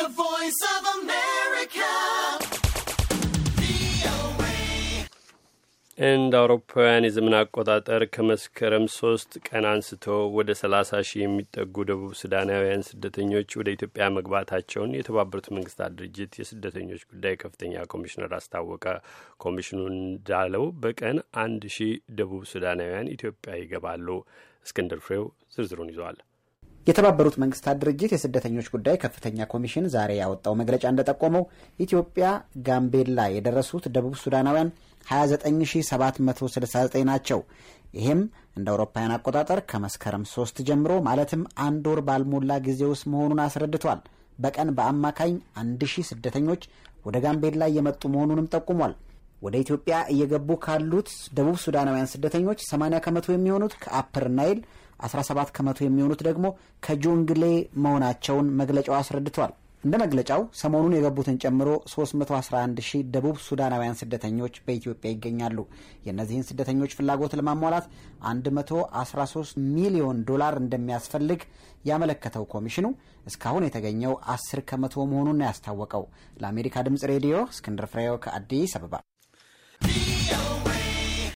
The Voice of America. እንደ አውሮፓውያን የዘመን አቆጣጠር ከመስከረም ሶስት ቀን አንስቶ ወደ ሰላሳ ሺህ የሚጠጉ ደቡብ ሱዳናውያን ስደተኞች ወደ ኢትዮጵያ መግባታቸውን የተባበሩት መንግስታት ድርጅት የስደተኞች ጉዳይ ከፍተኛ ኮሚሽነር አስታወቀ። ኮሚሽኑ እንዳለው በቀን አንድ ሺህ ደቡብ ሱዳናውያን ኢትዮጵያ ይገባሉ። እስክንድር ፍሬው ዝርዝሩን ይዟል። የተባበሩት መንግስታት ድርጅት የስደተኞች ጉዳይ ከፍተኛ ኮሚሽን ዛሬ ያወጣው መግለጫ እንደጠቆመው ኢትዮጵያ ጋምቤላ የደረሱት ደቡብ ሱዳናውያን 29769 ናቸው። ይህም እንደ አውሮፓውያን አቆጣጠር ከመስከረም ሶስት ጀምሮ ማለትም አንድ ወር ባልሞላ ጊዜ ውስጥ መሆኑን አስረድቷል። በቀን በአማካኝ ሺህ ስደተኞች ወደ ጋምቤላ እየመጡ መሆኑንም ጠቁሟል። ወደ ኢትዮጵያ እየገቡ ካሉት ደቡብ ሱዳናውያን ስደተኞች 80 ከመቶ የሚሆኑት ከአፐር ናይል፣ 17 ከመቶ የሚሆኑት ደግሞ ከጆንግሌ መሆናቸውን መግለጫው አስረድቷል። እንደ መግለጫው ሰሞኑን የገቡትን ጨምሮ 311 ሺህ ደቡብ ሱዳናውያን ስደተኞች በኢትዮጵያ ይገኛሉ። የእነዚህን ስደተኞች ፍላጎት ለማሟላት 113 ሚሊዮን ዶላር እንደሚያስፈልግ ያመለከተው ኮሚሽኑ እስካሁን የተገኘው 10 ከመቶ መሆኑን ያስታወቀው። ለአሜሪካ ድምፅ ሬዲዮ እስክንድር ፍሬው ከአዲስ አበባ Radio.